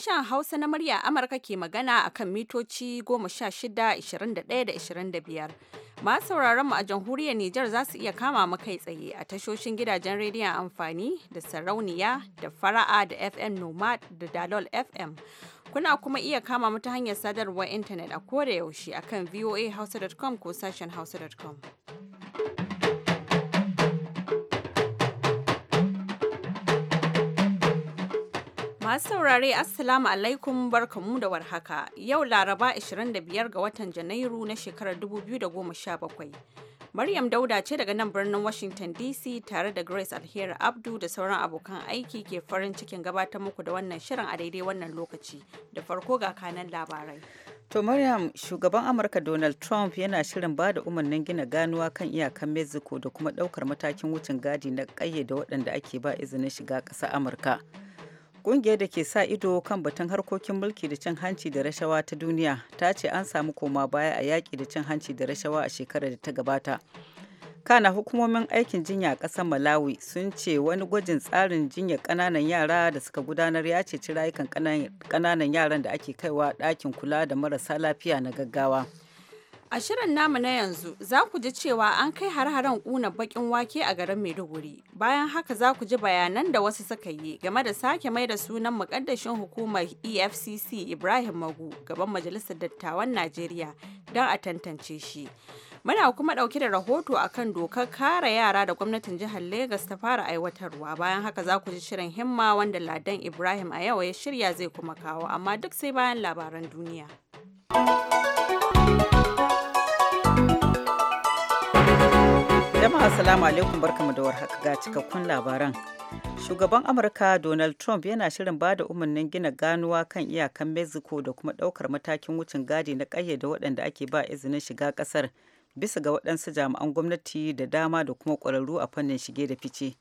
Sashen Hausa na murya Amurka ke magana a kan mitoci 16, 21 da 25. Masu sauraron mu a jamhuriyar Nijar za su iya kama mu kai tsaye a tashoshin gidajen rediyon amfani da sarauniya da fara'a da FM Nomad da Dalol FM. Kuna kuma iya kama mu ta hanyar sadarwar intanet a koda yaushe akan voahausa.com ko sashen hausa.com. Masu saurare Assalamu alaikum barkamu da warhaka. Yau Laraba 25 ga watan Janairu na shekarar 2017. Maryam Dauda ce daga nan birnin Washington DC tare da Grace Alheri Abdu da sauran abokan aiki ke farin cikin gabatar muku da wannan shirin a daidai wannan lokaci. Da farko ga kanan labarai. To Maryam, shugaban Amurka Donald Trump yana shirin ba da umarnin gina ganuwa kan iyakan Mexico da kuma ɗaukar matakin wucin gadi na ƙayyade waɗanda ake ba izinin shiga ƙasar Amurka. Ƙungiyar da ke sa ido kan batun harkokin mulki da cin hanci da rashawa ta duniya ta ce an samu koma baya a yaƙi da cin hanci da rashawa a shekarar da ta gabata. Kana hukumomin aikin jinya a ƙasar Malawi sun ce wani gwajin tsarin jinya ƙananan yara da suka gudanar ya ceci rayukan ƙananan yaran da ake kaiwa ɗakin kula da marasa lafiya na gaggawa. A shirin namu na yanzu za ku ji cewa an kai har-haren kuna bakin wake a garin Maiduguri. Bayan haka za ku ji bayanan da wasu suka yi game da sake mai da sunan mukaddashin hukumar EFCC Ibrahim Magu gaban Majalisar Dattawan Najeriya don a tantance shi. Muna kuma ɗauke da rahoto akan dokar kare yara da gwamnatin jihar Legas ta fara aiwatarwa. Bayan haka za ku ji shirin himma wanda Ladan Ibrahim a yau ya shirya zai kuma kawo amma duk sai bayan labaran duniya. Jama'a salamu alaikum barkamu da warhaka ga cikakkun labaran. Shugaban Amurka Donald Trump yana shirin ba da umarnin gina ganuwa kan iyakan Mexico da kuma daukar matakin wucin gadi na ƙayyade waɗanda ake ba izinin shiga kasar bisa ga waɗansu jami'an gwamnati da dama da kuma kwararru a fannin shige da fice.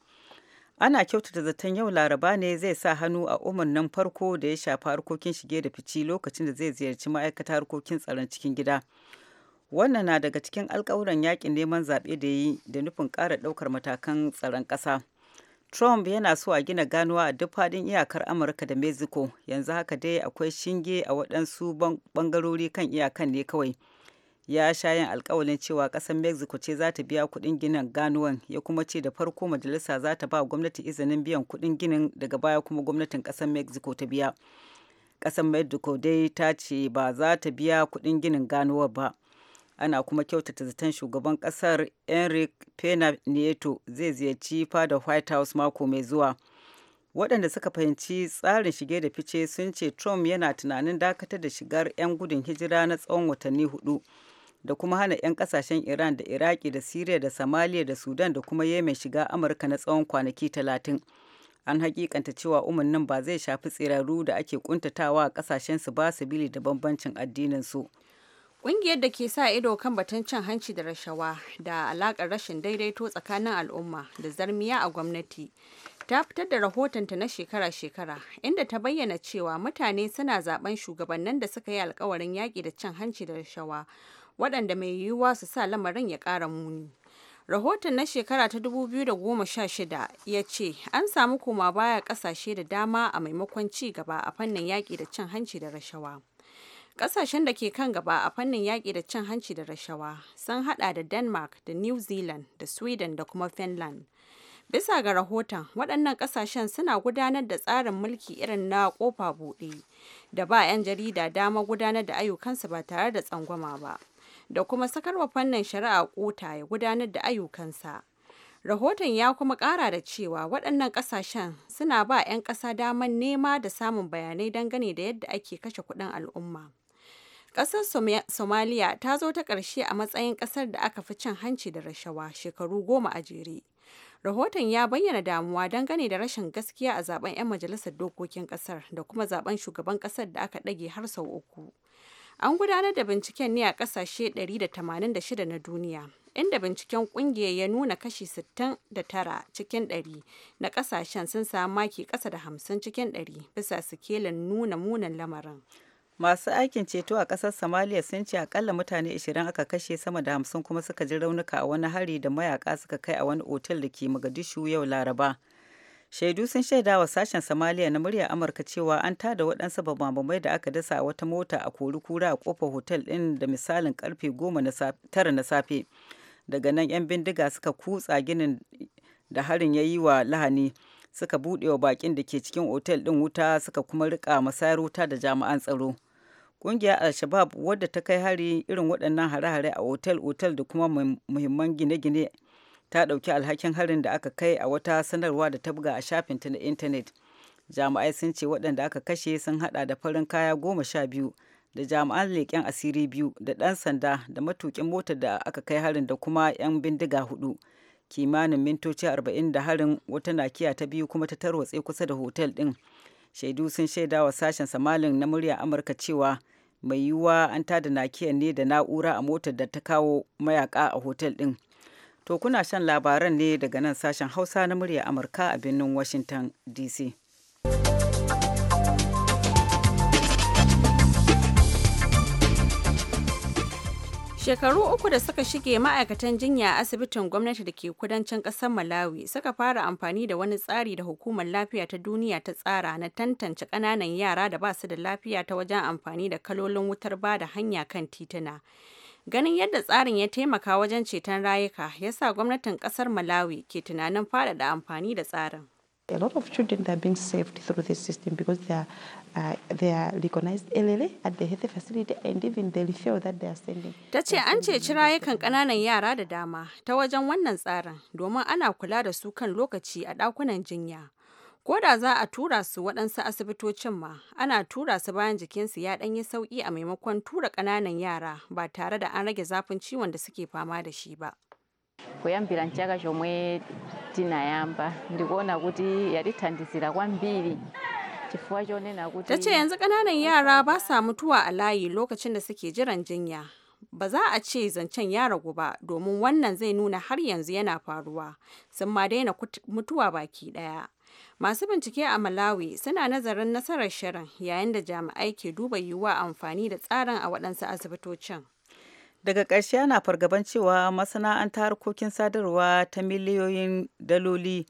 Ana kyautata zaton yau Laraba ne zai sa hannu a umarnin farko da ya shafi harkokin shige da fice lokacin da zai ziyarci ma'aikata harkokin tsaron cikin gida. wannan na daga cikin alkawuran yakin neman zaɓe da yi da nufin ƙara ɗaukar matakan tsaron ƙasa trump yana so a gina ganuwa a duk faɗin iyakar amurka da mexico yanzu haka dai akwai shinge a waɗansu ɓangarori kan iyakan ne kawai ya sha yin alkawalin cewa ƙasar mexico ce za ta biya kuɗin ginin ganuwan ya kuma ce da farko majalisa za ta ba gwamnati izinin biyan kuɗin ginin daga baya kuma gwamnatin ƙasar mexico ta biya ƙasar mexico dai ta ce ba za ta biya kuɗin ginin ganuwar ba ana kuma kyautata zaton shugaban kasar enric pena nieto zai ziyarci fada white house mako mai zuwa waɗanda suka fahimci tsarin shige da fice sun ce trump yana tunanin dakatar da shigar 'yan gudun hijira na tsawon watanni hudu da kuma hana 'yan kasashen iran da iraki da syria da somalia da sudan da kuma yemen shiga amurka na tsawon kwanaki talatin an hakikanta cewa umarnin ba zai shafi tsiraru da ake kuntatawa a kasashen su ba su bili da bambancin addinin su. Ƙungiyar da ke sa ido kan batun cin hanci da rashawa da alaƙar rashin daidaito tsakanin al'umma da zarmiya a gwamnati ta fitar da rahotonta na shekara-shekara inda ta bayyana cewa mutane suna zaben shugabannin da suka yi alkawarin yaƙi da cin hanci da rashawa waɗanda mai yiwuwa su sa lamarin ya ƙara muni. Rahoton na shekara ta 2016 ya ce an samu koma baya ƙasashe da dama a maimakon ci gaba a fannin yaƙi da cin hanci da rashawa. Ƙasashen da ke kan gaba a fannin yaƙi da cin hanci da rashawa sun hada da Denmark da New Zealand da Sweden da kuma Finland. Bisa ga rahoton, waɗannan ƙasashen suna gudanar da tsarin mulki irin na ƙofa buɗe da ba 'yan jarida dama gudanar da ayyukansu ba tare da tsangwama ba, da kuma sakarwa fannin shari'a ƙota ya gudanar da ayyukansa. Rahoton ya kuma ƙara da cewa waɗannan ƙasashen suna ba 'yan ƙasa damar nema da samun bayanai dangane da yadda ake kashe kuɗin al'umma. Ƙasar Somalia ta zo ta ƙarshe a matsayin ƙasar da aka fi cin hanci da rashawa shekaru goma a jere. Rahoton ya bayyana damuwa dangane da rashin gaskiya a zaben 'yan majalisar dokokin ƙasar da kuma zaben shugaban ƙasar da aka ɗage har sau uku. An gudanar da binciken ne a ƙasashe 186 na duniya, inda binciken ƙungiyar ya nuna kashi 69 cikin 100 na ƙasashen sun samu maki ƙasa da 50 cikin 100 bisa sikelin nuna munan lamarin. masu aikin ceto a ƙasar somalia sun ce akalla mutane 20 aka kashe sama da 50 kuma suka ji raunuka a wani hari da mayaka suka kai a wani otel da ke mogadishu yau laraba shaidu sun shaida wa sashen somalia na murya amurka cewa an ta da waɗansu babamai da aka dasa a wata mota a kori kura a kofar hotel ɗin da misalin karfe goma na safe daga nan 'yan bindiga suka kutsa ginin da harin ya yi wa lahani suka buɗewa wa bakin da ke cikin otel ɗin wuta suka kuma riƙa masayar wuta da jami'an tsaro Ƙungiyar Al-Shabab wadda ta kai hari irin waɗannan hare-hare a otel otal da kuma muhimman gine-gine ta ɗauki alhakin harin da aka kai a wata sanarwa da ta buga a shafin ta na intanet. Jami'ai sun ce waɗanda aka kashe sun haɗa da farin kaya goma sha biyu da jami'an leƙen asiri biyu da ɗan sanda da matuƙin motar da aka kai harin da kuma 'yan bindiga hudu. Kimanin mintoci arba'in da harin wata nakiya ta biyu kuma ta tarwatse kusa da hotel ɗin. shaidu sun shaida wa sashen samalin na murya amurka cewa mai yiwuwa an tada nakiyar ne da na'ura a motar da ta kawo mayaka a hotel din to kuna shan labaran ne daga nan sashen hausa na murya amurka a birnin washington dc Shekaru uku da suka shige ma'aikatan jinya a asibitin gwamnati da ke kudancin ƙasar Malawi suka fara amfani da wani tsari da hukumar lafiya ta duniya ta tsara na tantance ƙananan yara da ba su da lafiya ta wajen amfani da kalolin wutar ba da hanya kan tituna. Ganin yadda tsarin ya taimaka wajen ceton rayuka, ya sa gwamnatin ƙasar Malawi ke tunanin faɗaɗa amfani da tsarin. A lot of children that are being saved through this system because they are, uh, they are recognized early at the health facility and even the feel that they are sending. Ta ce an ceci rayukan ƙananan yara da dama ta wajen wannan tsarin domin ana kula da su kan lokaci a ɗakunan jinya. Ko da za a tura su waɗansu asibitocin ma, ana tura su bayan jikinsu ya ɗanyi sauƙi a maimakon tura ƙananan yara ba tare da an rage zafin ciwon da suke fama da shi ba. kuyambira ce chomwe tinayamba ndikuona kuti yatithandizira kwambiri chifukwa chonena kuti tace yanzu kananan yara ba sa mutuwa a layi lokacin da suke jiran jinya ba za a ce zancen ya ragu ba domin wannan zai nuna har yanzu yana faruwa sun ma daina mutuwa baki daya masu bincike a malawi suna nazarin nasarar shirin yayin da jami'ai ke duba yiwuwa amfani da tsarin a waɗansu asibitocin daga ƙarshe ana fargaban cewa masana'anta harkokin sadarwa ta miliyoyin daloli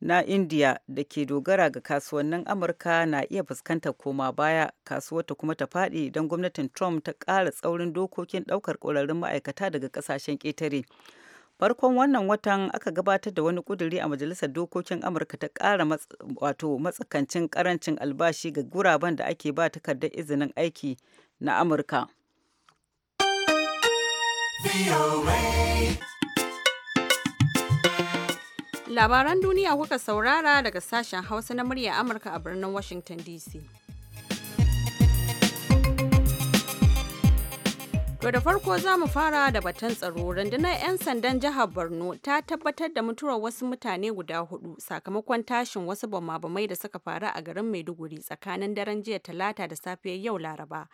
na indiya da ke dogara ga kasuwannin amurka na iya fuskantar koma baya kasuwar ta kuma ta faɗi don gwamnatin trump ta ƙara tsaurin dokokin ɗaukar ƙwararrun ma'aikata daga ƙasashen ƙetare farkon wannan watan aka gabatar da wani ƙuduri a majalisar dokokin amurka ta ƙara wato matsakancin ƙarancin albashi ga guraben da ake ba takardar izinin aiki na amurka Labaran duniya kuka saurara daga sashen Hausa na murya Amurka a birnin Washington DC. To da farko za mu fara da batun tsaro rundunar 'yan sandan jihar Borno ta tabbatar da mutuwar wasu mutane guda hudu sakamakon tashin wasu bamabamai da suka faru a garin Maiduguri tsakanin daren jiya talata da safiyar yau Laraba.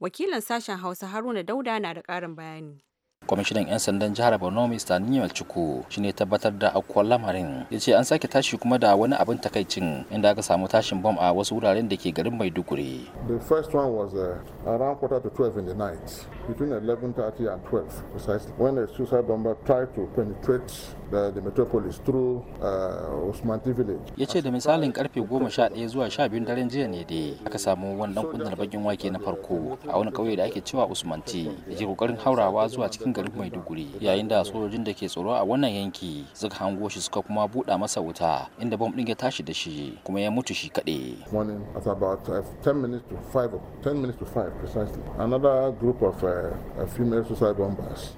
Wakilin sashen Hausa Haruna Dauda na da ƙarin bayani. kwamishinan 'yan sandan jihar borno mr niyal chuku shine tabbatar da aukuwar lamarin ya ce an sake tashi kuma da wani abin takaicin inda aka samu tashin bom a wasu wuraren da ke garin maiduguri the first one was uh, around quarter to ya ce da misalin karfe goma sha 11 zuwa 12 daren jiya ne dai aka samu wani dan kunnar bakin wake na farko a wani kauye da ake cewa usmanti da ke kokarin haurawa zuwa cikin garin maiduguri yayin da sojojin da ke tsoro a wannan yanki suka hango shi suka kuma buɗa masa wuta inda bom ɗin ya tashi da shi kuma ya mutu shi kaɗe. Uh,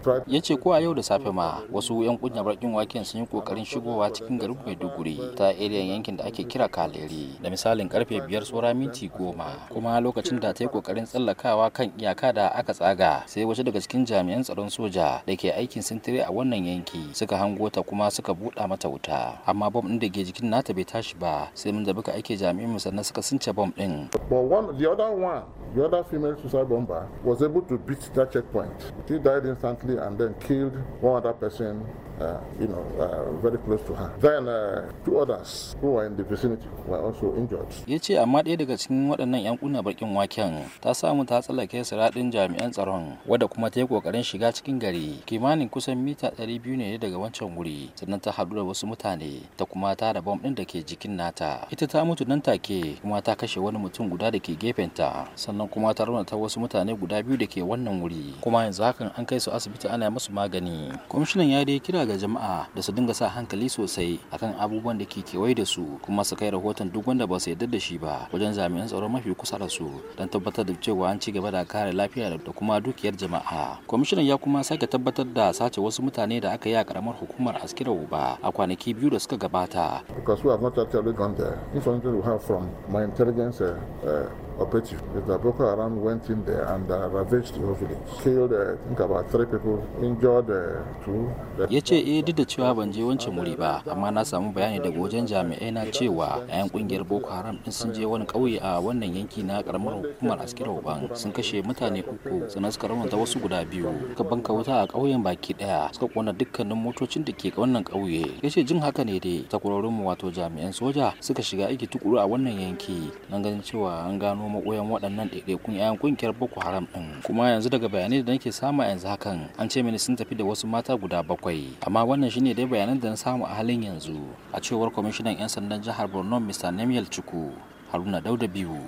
uh, ya ce ko a yau da safe ma wasu 'yan kunya bakin waken sun yi kokarin shigowa cikin garin maiduguri ta eriyan yankin da ake kira kaleri da misalin karfe biyar tsora minti goma kuma lokacin da ta yi kokarin tsallakawa kan iyaka da aka tsaga sai wasu daga cikin jami'an tsaron soja soja da ke aikin sintiri a wannan yanki suka hango ta kuma suka buɗa mata wuta amma bom ɗin da ke jikin nata bai tashi ba sai mun da buka aike jami'in mu sannan suka sunce bom ɗin. But one, the other one, the other female suicide bomber was able to beat that checkpoint. She died instantly and then killed one other person Uh, you know, uh, very close to her. Then uh, two others who were in the vicinity were also injured. Ya ce amma ɗaya daga cikin waɗannan 'yan kuna bakin waken ta samu ta tsallake siraɗin jami'an tsaron wadda kuma ta yi ƙoƙarin shiga cikin gari kimanin kusan mita 200 ne daga wancan wuri sannan ta haɗu da wasu mutane ta kuma da bom ɗin da ke jikin nata ita ta mutu nan take kuma ta kashe wani mutum guda da ke gefenta sannan kuma ta ta wasu mutane guda biyu da ke wannan wuri kuma yanzu hakan an kai su asibiti ana musu magani kwamishinan ya dai kira ga jama'a da su dinga sa hankali sosai akan abubuwan da ke kewaye da su kuma su kai rahoton duk wanda ba su yarda da shi ba wajen jami'an tsaro mafi kusa da su don tabbatar da cewa an ci gaba da kare lafiya da kuma dukiyar jama'a kwamishinan ya kuma kuma sake tabbatar da sace wasu mutane da aka yi a karamar hukumar askira uba a kwanaki biyu da suka gabata because we have not actually gone there information we have from my intelligence uh, uh, operative. The Boko Haram went in there and uh, ravaged village, killed I uh, think about three people, injured uh, two. Ya ce eh duk da cewa ban je wancan wuri ba, amma na samu bayani daga wajen jami'ai na cewa 'yan kungiyar Boko Haram din sun je wani ƙauye a wannan yanki na karamar hukumar Askira sun kashe mutane uku sannan suka raunata wasu guda biyu. Suka banka wuta a ƙauyen baki ɗaya suka kona dukkanin motocin da ke wannan ƙauye. Ya ce jin haka ne dai mu wato jami'an soja suka shiga aiki tukuru a wannan yanki. Nan ganin cewa an gano gano makoyan waɗannan ɗaiɗaikun 'ya'yan kungiyar boko haram ɗin kuma yanzu daga bayanai da nake samu yanzu hakan an ce mini sun tafi da wasu mata guda bakwai amma wannan shine dai bayanan da na samu a halin yanzu a cewar kwamishinan 'yan sandan jihar borno mr nemiel chuku haruna dauda biyu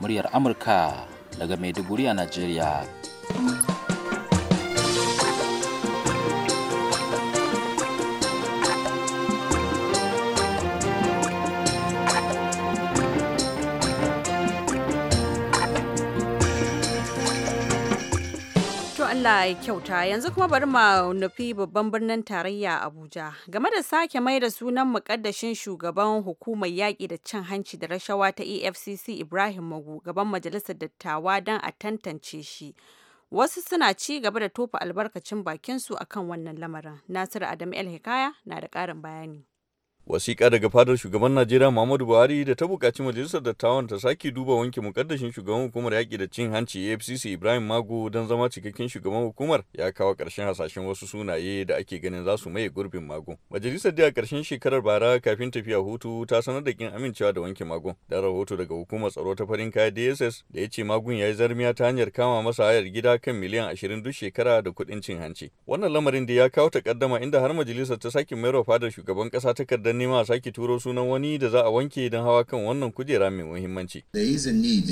muryar amurka daga maiduguri a najeriya Allah ya kyauta yanzu kuma bari mu nufi babban birnin tarayya Abuja game da sake mai da sunan mukaddashin shugaban hukumar yaƙi da cin hanci da rashawa ta EFCC Ibrahim Magu gaban majalisar dattawa don a tantance shi. Wasu suna ci gaba da tofa albarkacin bakinsu akan wannan lamarin. Nasiru Adam El Hikaya na da ƙarin bayani. wasiƙa daga fadar shugaban najeriya muhammadu buhari da ta buƙaci majalisar dattawan ta sake duba wanke mukaddashin shugaban hukumar yaƙi da cin hanci afcc ibrahim mago don zama cikakken shugaban hukumar ya kawo ƙarshen hasashen wasu sunaye da ake ganin za su maye gurbin mago majalisar da a ƙarshen shekarar bara kafin tafiya hutu ta sanar da kin amincewa da wanke mago da rahoto daga hukumar tsaro ta farin kaya dss da ya ce magun ya yi zarmiya ta hanyar kama masa hayar gida kan miliyan ashirin duk shekara da kuɗin cin hanci wannan lamarin da ya kawo takaddama inda har majalisar ta sake mayar fadar shugaban ƙasa takardar don nema a sake turo sunan wani da za a wanke don hawa kan wannan kujera mai muhimmanci. There is a need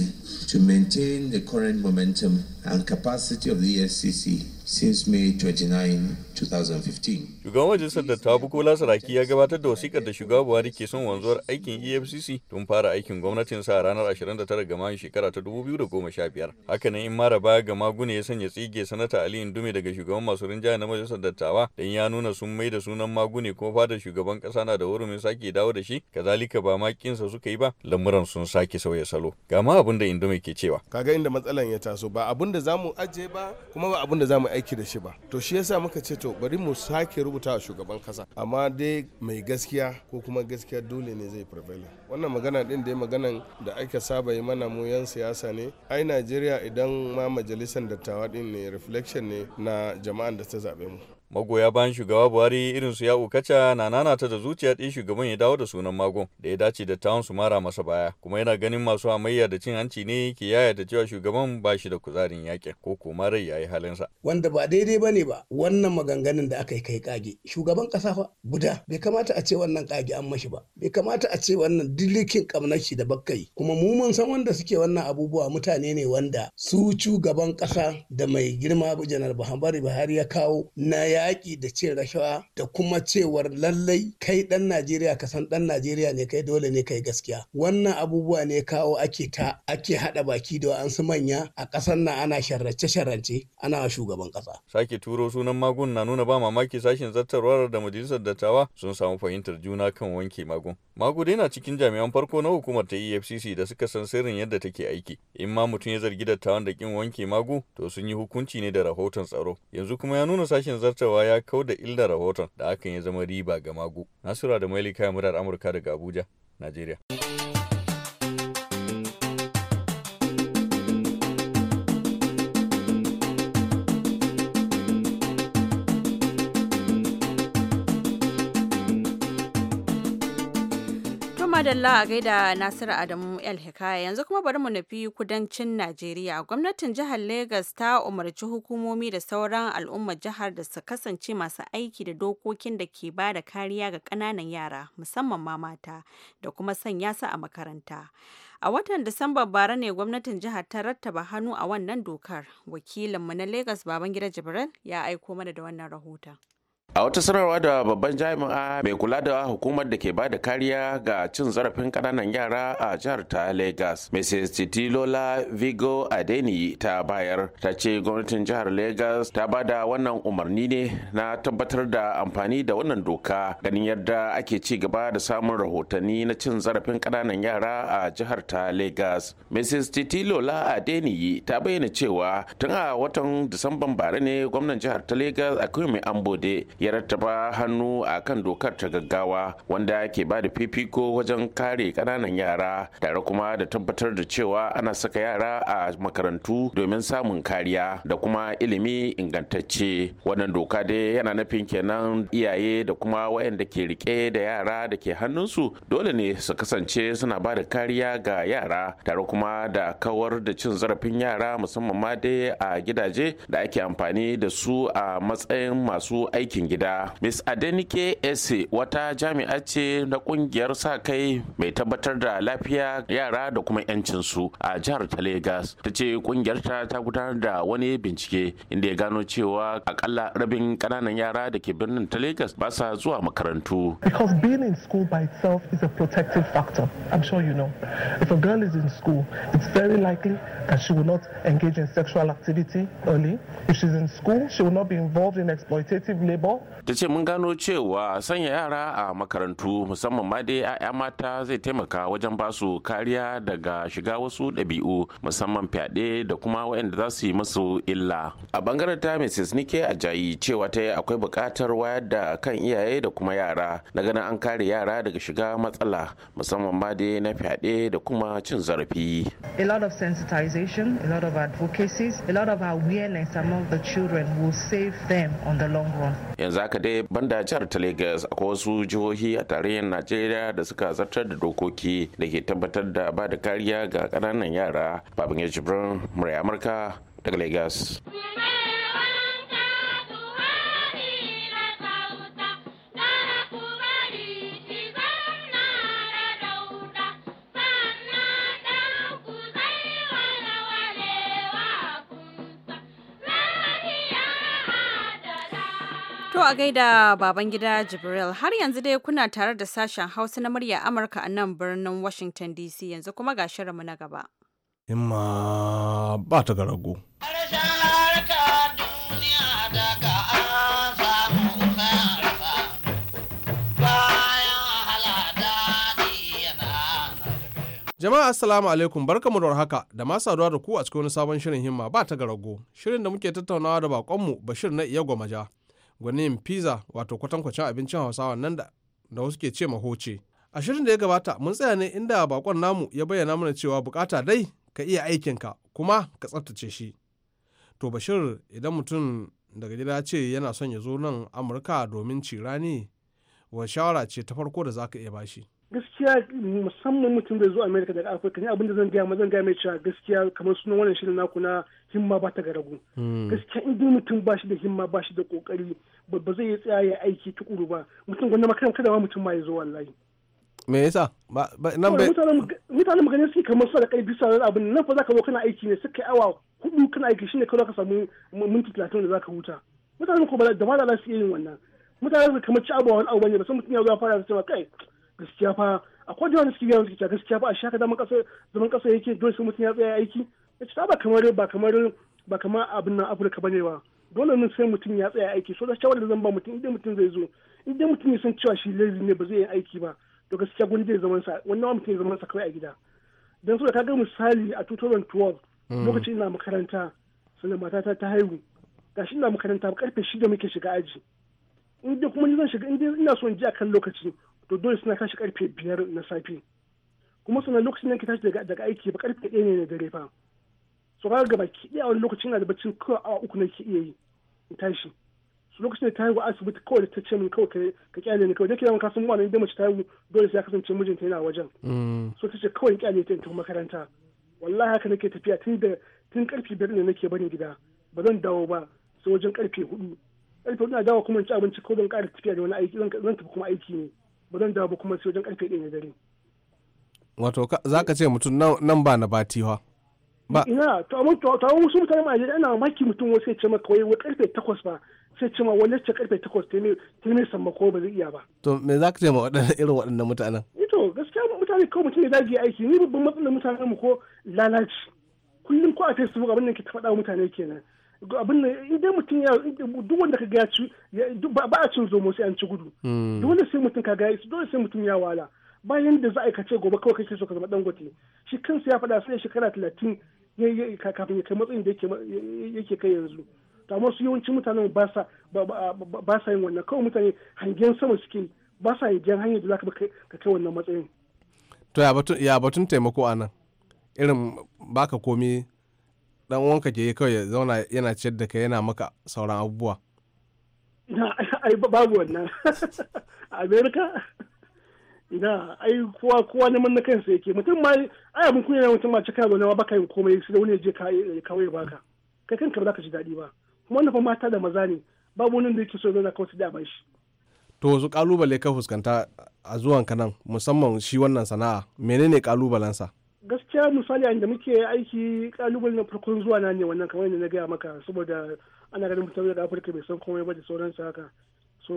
to maintain the current momentum and capacity of the EFCC since May 29, 2015. Shugaban majalisar dattawa Bukola Saraki ya gabatar da wasikar da shugaba Buhari ke son wanzuwar aikin EFCC tun fara aikin gwamnatin sa ranar 29 ga Mayu shekara ta 2015. Hakanan in mara baya ga magune ya sanya tsige sanata Ali Indume daga shugaban masu rinjaya na majalisar dattawa dan ya nuna sun mai da sunan magune kuma fadar shugaban kasa na da hurumin sake dawo da shi kazalika ba ma kinsa suka yi ba lamuran sun sake sauya salo. Ga ma abin da Indume ke cewa. Kaga inda matsalan ya taso ba abin da zamu aje ba kuma ba abin zamu aiki da shi ba to shi yasa muka ce to bari mu sake rubuta a shugaban kasa amma dai mai gaskiya ko kuma gaskiya dole ne zai prevail wannan magana din dai maganan da aka saba yi mana mu yan siyasa ne ai Najeriya idan ma majalisar dattawa din ne reflection ne na jama'an da ta zabe mu magoya bayan shugaba buhari irin su yawo kaca na nanata da zuciya ɗin shugaban ya dawo da sunan magon da ya dace da tawon su mara masa baya kuma yana ganin masu hamayya da cin hanci ne ke yaya da cewa shugaban ba shi da kuzarin yakin ko kuma rai ya yayi halinsa wanda ba daidai ba ne ba wannan maganganun da aka yi kai kage shugaban kasa fa guda bai kamata a ce wannan kage an mashi ba bai kamata a ce wannan dilikin kamnaki da bakkai kuma mu mun san wanda suke wannan abubuwa mutane ne wanda su shugaban kasa da mai girma janar buhari ya kawo na ya yaƙi da cin rashawa da kuma cewar lallai kai ɗan Najeriya ka san ɗan Najeriya ne kai dole ne kai gaskiya. Wannan abubuwa ne kawo ake ta ake haɗa baki da an su manya a ƙasar nan ana sharrace-sharrace ana shugaban ƙasa. Sake turo sunan magun na nuna ba mamaki sashen zartarwar da majalisar dattawa sun samu fahimtar juna kan wanke magun. Magu dai na cikin jami'an farko na hukumar ta EFCC da suka san sirrin yadda take aiki. In ma mutum ya zargi dattawan da kin wanke magu to sun yi hukunci ne da rahoton tsaro. Yanzu kuma ya nuna sashen zartarwar sadarwa ya kau da illar rahoton da hakan ya zama riba ga magu. Nasura da Mailika Murar Amurka daga Abuja, Najeriya. madalla a gaida Nasiru Adamu El Hikaya yanzu kuma bari mu nufi kudancin Najeriya. Gwamnatin jihar Legas ta umarci hukumomi da sauran al'ummar jihar da su kasance masu aiki da dokokin da ke ba da kariya ga kananan yara musamman ma mata da kuma sanya su a makaranta. A watan Disamba bara ne gwamnatin jihar ta rattaba hannu a wannan dokar. Wakilinmu na Legas Babangida Jibril ya aiko mana da wannan rahoton. a wata sanarwa da babban jami'a mai kula da hukumar da ke bada kariya ga cin zarafin kananan yara a jihar ta Legas, mrs titilola vigo adeni ta bayar ta ce gwamnatin jihar Legas ta bada wannan umarni ne na tabbatar da amfani da wannan doka ganin yadda ake ci gaba da samun rahotanni na cin zarafin kananan yara a jihar ta Legas. mrs titilola adeni ta bayyana cewa tun a watan disamban bara ne gwamnan jihar ta lagos akwai mai ambode ya rattaba hannu a kan dokar ta gaggawa wanda ke ba da fifiko wajen kare ƙananan yara tare kuma da tabbatar da cewa ana saka yara a makarantu domin samun kariya da kuma ilimi ingantacce wannan doka dai yana nufin kenan iyaye da kuma wayanda ke rike da yara da ke hannunsu dole ne su kasance suna ba da kariya ga yara tare kuma da kawar da cin zarafin yara musamman ma dai a gidaje da ake amfani da su a matsayin masu aikin gida miss adenike ese wata jami'a ce na kungiyar sa kai mai tabbatar da lafiya yara da kuma 'yancinsu a jihar ta lagos ta ce kungiyar ta ta gudanar da wani bincike inda ya gano cewa akalla rabin kananan yara da ke birnin ta lagos ba sa zuwa makarantu because being in school by itself is a protective factor i'm sure you know if a girl is in school it's very likely that she will not engage in sexual activity early if she's in school she will not be involved in exploitative labor ta ce mun gano cewa sanya yara a makarantu musamman ma dai 'ya'ya mata zai taimaka wajen ba su kariya daga shiga wasu ɗabi'u musamman fyaɗe da kuma waɗanda za su yi musu illa a bangaren ta mrs nike ajayi cewa ta yi akwai buƙatar wayar da kan iyaye da kuma yara na ganin an kare yara daga shiga matsala musamman ma dai na fyaɗe da kuma cin zarafi a lot of sensitization a lot of a lot of awareness among the children will save them on the long run yanzu haka dai banda jihar ta legas akwai wasu jihohi a tarayyar najeriya da suka zartar da dokoki da ke tabbatar da ba da kariya ga ƙananan yara babin ya jibrin murai amurka daga legas. To a gaida baban gida Jibril har yanzu dai kuna tare da sashen Hausa na murya Amurka a nan birnin Washington DC yanzu kuma ga shirinmu na gaba. Himma ba ta ga rago. Jama'a assalamu alaikum barkamu da warhaka da ma saduwa da ku a cikin wani sabon shirin himma ba ta garago shirin da muke tattaunawa da bakonmu Bashir na iya gwamaja gwani yin pizza wato kwatankwacin abincin hausawa nan da wasu ke ce mahoce a shirin da ya gabata mun tsaya ne inda bakon namu ya bayyana mana cewa bukata dai ka iya aikinka kuma ka tsaftace shi to bashir idan mutum daga gida ce yana son ya zo nan amurka domin cirani wa shawara ce ta farko da za ka iya bashi gaskiya musamman mutum zai zo Amerika daga afirka ne abinda zan gaya zan gaya mai cewa gaskiya kamar suna wannan shirin naku na himma ba ta garagu hmm. gaskiya in dai mutum ba shi da himma ba shi da kokari ba zai tsaya ya aiki tukuru ba mutum gwanda makaran kada ma mutum ma ya zo wallahi me yasa ba nan bai mutanen magana suke kamar su da kai bisa abin nan fa zaka zo kana aiki ne suka yi awa hudu kana aiki shine kawai ka samu minti talatin da zaka huta mutanen ko ba da ma da su yin wannan mutanen kamar ci abawa wani abu ne ba sai mutum ya zo fara cewa kai gaskiya fa akwai da wani suke gaya suke gaskiya fa a shaka zaman kasa zaman kasa yake dole sai mutum ya tsaya aiki Ya ta ba kamar ba kamar ba kamar abin nan Afirka bane ba dole ne sai mutum ya tsaya aiki so da shawara da zan ba mutum inda mutum zai zo inda mutum ya san cewa shi lazy ne ba zai yi aiki ba to gaskiya gwani zai zaman sa wannan mutum ya zaman sa kawai a gida dan so da kaga misali a 2012 mm. lokacin ina makaranta sannan matata ta haihu gashi ina makaranta karfe shida muke shiga aji in kuma ni zan shiga in ina son ji akan lokaci to dole suna tashi karfe biyar na safe kuma sannan lokacin da ke tashi daga aiki ba karfe ɗaya ne na dare fa so ka ga baki ɗaya wani lokacin na da baccin kawai awa uku ke iya yi in tashi su lokacin da ta haihu asibiti kawai ta ce min kawai ka kyale ni kawai da da kasan wani idan mace ta haihu dole sai ya kasance mijinta yana wajen mm. so ta ce kawai kyale ta in tafi makaranta wallahi haka nake tafiya tun da tun karfe biyar ne nake bane gida ba zan dawo ba sai wajen karfe hudu karfe hudu na dawo kuma in ci abinci ko zan ƙara tafiya da wani aiki zan tafi kuma aiki ne ba zan dawo ba kuma sai wajen karfe ɗaya na dare. wato za ka ce mutum nan ba na batiwa ba ina to amma to amma wasu mutane ma ana maki mutum wasu ya ce kawai wa karfe takwas ba sai ce ma wani ce karfe takwas ta ne ta ne ko ba zai iya ba to me za ka ce ma waɗannan irin waɗannan mutanen to gaskiya mutane kawai mutum ya dage aiki ni babban matsalar mutanen mu ko lalaci kullum ko a facebook abin da ke taɓa mutane kenan abin in dai mutum ya duk wanda ka ga ci ba a cin zomo sai an ci gudu hmm. dole sai mutum ka ga dole sai mutum ya wala bayan da za a kace gobe kawai kake so ka zama dangote shi kansa ya faɗa sai shekara talatin kafin ya kai matsayin da yake kai yanzu to amma su yawancin mutanen ba sa ba sa yin wannan kawai mutane hangen sama suke ba sa yin hanyar da za ka kai wannan matsayin to ya batun taimako anan irin baka komi dan wanka ke yi kawai ya zauna yana ciyar da kai yana maka sauran abubuwa ai babu wannan america ina ai kowa kowa neman na kansa yake mutum ma ai abin kunya mutum ma cika ba baka yin komai sai wani je kawai baka kai kanka ba za ka ji daɗi ba kuma wannan mata da maza ne babu wani da yake so na kawai da ba shi to su kalubale ka fuskanta a zuwan ka nan musamman shi wannan sana'a menene sa. gaskiya misali a inda muke aiki kalubale na farkon zuwa na ne wannan kamar yadda na gaya maka saboda ana ganin mutum daga afirka bai san komai ba da sauransu haka so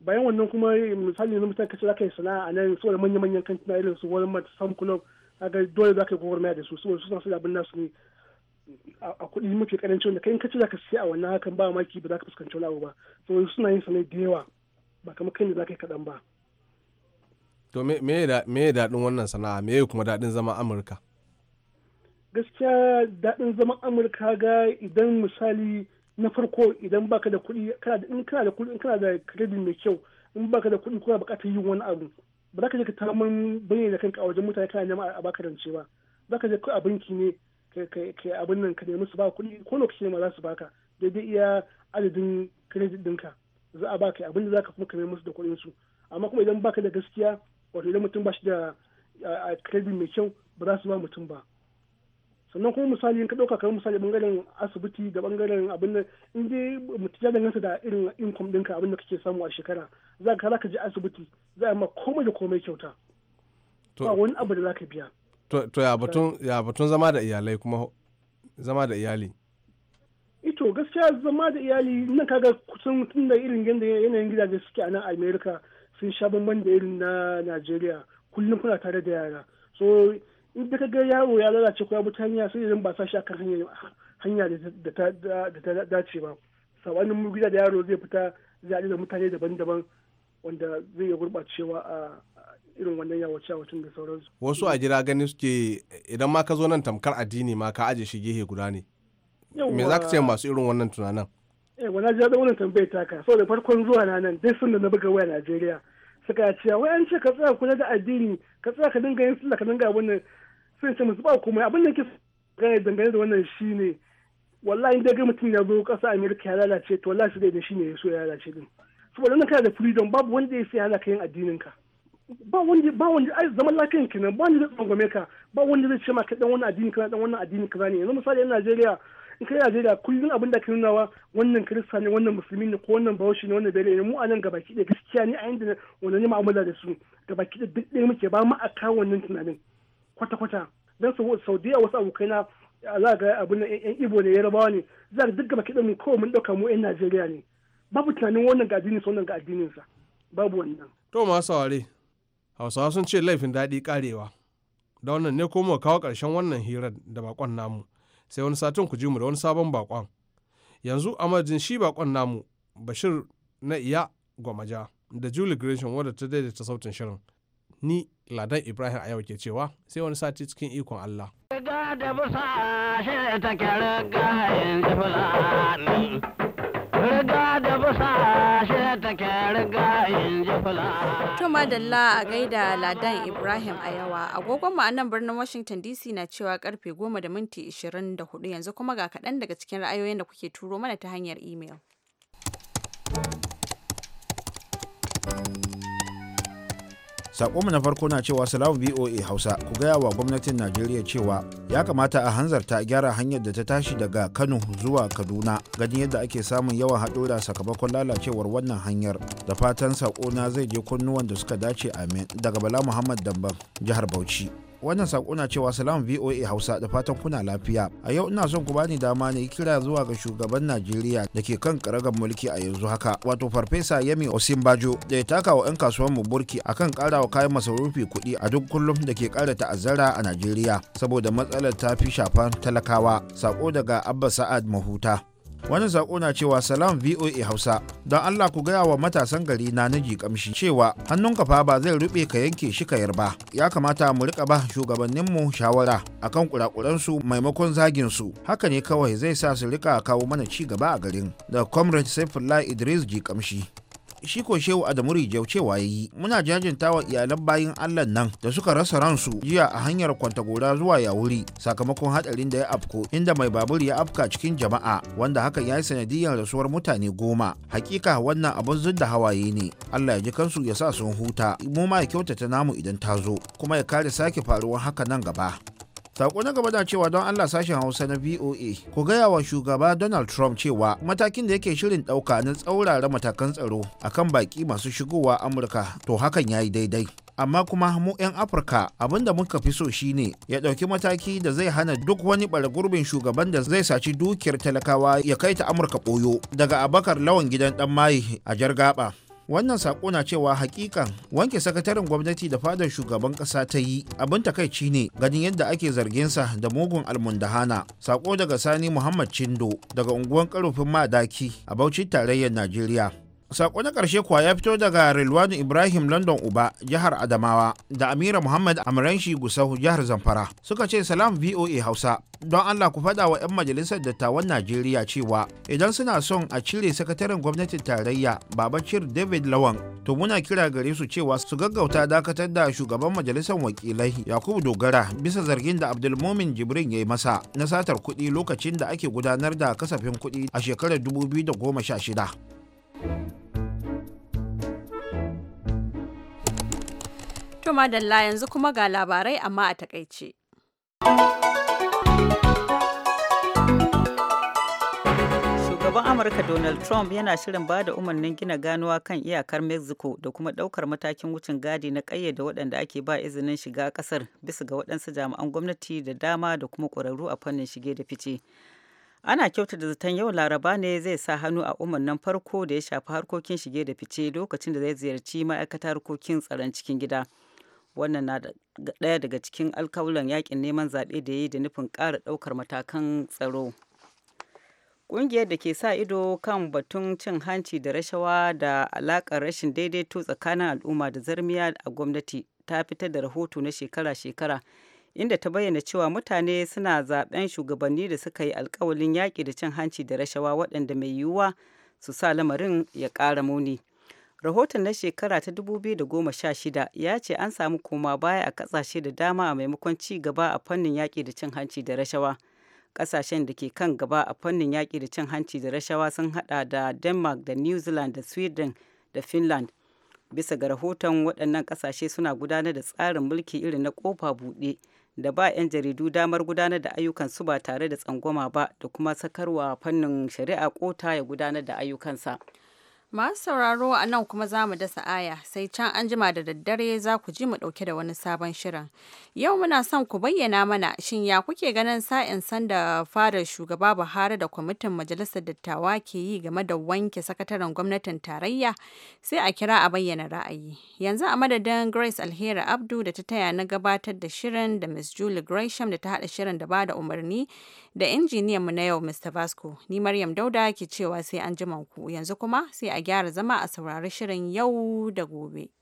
bayan wannan kuma misali na mutane kace zaka yi sana'a a nan saboda manya-manyan kantina irin su Walmart, Sam Club, haka dole zaka yi gwagwarmaya da su saboda su san su da abin nasu ne a kuɗi mafi karanci wanda kai in kace zaka siya a wannan hakan ba maki ba zaka fuskanci wani abu ba saboda suna yin sana'a da yawa ba kamar kai ne zaka yi kaɗan ba. to me ya daɗin wannan sana'a me ya kuma daɗin zama amurka gaskiya daɗin zama amurka ga idan misali na farko idan baka da kuɗi in kana da kuɗi in kana da kredit mai kyau in baka da kuɗi kuma buƙatar yin wani abu ba za ka je ka taman bayyana kanka a wajen mutane kana neman a baka rance ba za ka je a banki ne ka abin nan ka nemi su ba kuɗi ko lokaci ne ma za su baka daidai iya adadin kredit ɗinka za a baka abin da za ka kuma ka nemi musu da kuɗin su amma kuma idan baka da gaskiya wato idan mutum ba shi da credit mai kyau ba za su ba mutum ba sannan kuma misali in ka ɗauka kamar misali bangaren asibiti da bangaren abin da in dai mutum ya danganta da irin income ɗinka abin da kake samu a shekara za ka ka je asibiti za a ma komai da komai kyauta ba wani abu da za ka biya to ya batun zama da iyalai kuma zama da iyali ito eh gaskiya zama da iyali nan kaga kusan tun da irin yanayin gidaje suke a nan america sun sha bamban da irin na najeriya kullum kuna tare da yara so in da ga yaro ya lalace ko ya bi hanya sai idan ba sa shi akan hanya hanya da ta dace ba sabanin mu gida da yaro zai fita zai da mutane daban-daban wanda zai iya gurɓacewa a irin wannan yawace-yawacin da sauransu. Wasu a gida ganin suke idan ma ka zo nan tamkar addini ma ka aje shi gehe guda ne. Me za ka ce masu irin wannan tunanin? yawa na ji wani tambayi tambayar taka saboda farkon zuwa na nan dai sun da na buga waya Najeriya suka ya cewa wayan ce ka tsaya kula da addini ka tsaya ka dinga yin sallah ka dinga abin nan sun ce musu ba komai abin da ke gane dangane da wannan shine wallahi da ga mutum ya zo ƙasa Amerika ya lalace to wallahi shi da shine ya so ya lalace din saboda nan kana da freedom babu wanda ya sai hana ka yin addinin ka ba wanda ba wani ai zaman lafiyan kenan ba wanda zai tsangwame ka ba wanda zai ce ma ka dan wannan addini kaza dan wannan addini kaza ne yanzu misali a Najeriya in kai Najeriya kullum abin da ka wa wannan Kirista ne wannan Musulmi ne ko wannan Bahaushe ne wannan Bere ne mu a nan gabaki da gaskiya ne a inda ne ma'amala da su gabaki da duk ɗaya muke ba mu a kawo wannan tunanin kwata-kwata dan sau da wasu wasu na za ga abin yan Ibo ne Yarabawa ne za ga duk gabaki da mu kawai mun ɗauka mu 'yan Najeriya ne babu tunanin wannan ga addinin wannan ga addinin sa babu wannan. To ma saware Hausawa sun ce laifin daɗi karewa. Da wannan ne kuma kawo ƙarshen wannan hirar da bakon namu. sai wani satin ku ji mu da wani sabon bakon yanzu a madadin shi bakon namu bashir na iya gwamaja da julie gresham wadda ta daidaita sautin shirin ni ladan ibrahim a yau ke cewa sai wani sati cikin ikon allah riga da busa shi ta gayin To madalla a gaida Ladan Ibrahim a yawa agogon mu a nan birnin Washington DC na cewa karfe 10 da minti 24 yanzu kuma ga kaɗan daga cikin ra'ayoyin da kuke turo mana ta hanyar email. mu na farko na cewa salamu BOA Hausa ku gaya wa gwamnatin Najeriya cewa ya kamata a hanzarta gyara hanyar da ta tashi daga Kano zuwa Kaduna ganin yadda ake samun yawan da sakamakon lalacewar wannan hanyar da fatan sako na zai je kunnuwan da suka dace amin daga Bala Muhammad Damban jihar Bauchi. wannan sako na cewa salam voa hausa da fatan kuna lafiya a yau ina son ku bani dama ne kira zuwa ga shugaban najeriya da ke kan karagar mulki a yanzu haka wato farfesa yemi osinbajo da ya taka wa 'yan kasuwan mu burki akan kara wa kayan masarufi kuɗi a duk kullum da ke kara ta'azzara a najeriya saboda matsalar ta fi shafan talakawa sako daga abba sa'ad mahuta wani sako na cewa salam voa hausa don allah ku gaya wa matasan gari na niji kamshi cewa hannun kafa ba zai rube ka yanke shi ka yarba ya kamata mu rika ba shugabanninmu shawara akan kurakuransu maimakon zagin su haka ne kawai zai sa su rika kawo mana ci gaba a garin da comrade saifullah idris ji kamshi shi ko shehu adamu rijau cewa ya yi muna jajintawa iyalan bayin allah nan da suka rasa ransu jiya a hanyar kwantagora zuwa yawuri sakamakon hadarin da ya afko inda mai babur ya afka cikin jama'a wanda hakan ya yi sanadiyar rasuwar mutane goma hakika wannan abun da hawaye ne allah ya ji kansu ya sa sun huta mu ma ya kyautata namu idan ta zo kuma ya kare sake faruwar haka nan gaba sako na gaba da cewa don allah sashen hausa na voa ku gaya wa shugaba donald trump cewa matakin da yake shirin dauka na tsaurara matakan tsaro akan baki masu shigowa amurka to hakan ya daidai amma kuma mu 'yan afirka abin da muka fi so shine ya dauki mataki da zai hana duk wani gurbin shugaban da zai saci dukiyar talakawa ya kai ta amurka ɓoyo daga abakar lawan gidan ɗan maye a jargaba wannan sako na cewa hakikan wanke sakataren gwamnati da fadar shugaban kasa ta yi abin takaici ne ganin yadda ake zarginsa da mugun almundahana sako daga sani muhammad chindo daga unguwan karofin madaki a bauchi tarayyar najeriya Sako na karshe kuwa ya fito daga rilwani Ibrahim London Uba, jihar Adamawa, da Amira Muhammad Amranshi Gusau, jihar Zamfara. Suka ce salam VOA Hausa. Don Allah ku faɗa wa 'yan majalisar dattawan Najeriya cewa idan suna son a cire sakataren gwamnatin tarayya Babacir David Lawan, to muna kira gare su cewa su gaggauta dakatar da shugaban majalisar wakilai Yakubu Dogara bisa zargin da Abdulmumin Jibrin ya yi masa na satar kuɗi lokacin da ake gudanar da kasafin kuɗi a shekarar 2016. To madalla yanzu kuma ga labarai amma a takaice. Shugaban Amurka Donald Trump yana shirin ba da umarnin gina ganuwa kan iyakar Mexico da kuma ɗaukar matakin wucin gadi na ƙayyade waɗanda ake ba izinin shiga ƙasar bisa ga waɗansu jami'an gwamnati da dama da kuma ƙwararru a fannin shige da fice. ana kyauta da zaton yau laraba ne zai sa hannu a umarnin farko da ya shafi harkokin shige da fice lokacin da zai ziyarci ma'aikatar harkokin tsaron cikin gida wannan na ɗaya daga cikin alkawulan yakin neman zaɓe da ya yi da nufin ƙara ɗaukar matakan tsaro ƙungiyar da ke sa ido kan batun cin hanci da rashawa da alaƙar rashin daidaito tsakanin al'umma da zarmiya a gwamnati ta fitar da rahoto na shekara-shekara inda ta bayyana cewa mutane suna zaɓen shugabanni da suka yi alkawalin yaƙi da cin hanci da rashawa waɗanda mai yiwuwa su sa lamarin ya ƙara muni rahoton na shekara ta 2016 ya ce an samu koma baya a kasashe da dama a maimakon ci gaba a fannin yaƙi da cin hanci da rashawa kasashen da ke kan gaba a fannin yaƙi da cin hanci da rashawa sun hada da denmark da new zealand da sweden da finland bisa ga rahoton waɗannan kasashe suna gudanar da tsarin mulki irin na kofa buɗe da ba 'yan jaridu damar gudanar da ayyukansu ba tare da tsangwama ba da kuma sakarwa fannin shari'a kota ya gudanar da ayyukansa. Masu sauraro a nan kuma za mu dasa aya sai can an jima da daddare za ku ji mu ɗauke da wani sabon shirin. Yau muna son ku bayyana mana shin ya kuke ganin sa'in sanda fadar shugaba Buhari da kwamitin majalisar dattawa ke yi game da wanke sakataren gwamnatin tarayya sai a kira a bayyana ra'ayi. Yanzu a madadin Grace Alheri Abdu da ta taya na gabatar da shirin da Miss Julie Gresham da ta haɗa shirin da ba da umarni da injiniyan mu na yau Mr. Vasco. Ni Maryam Dauda ke cewa sai an jima ku yanzu kuma sai a a gyara zama a saurari shirin yau da gobe.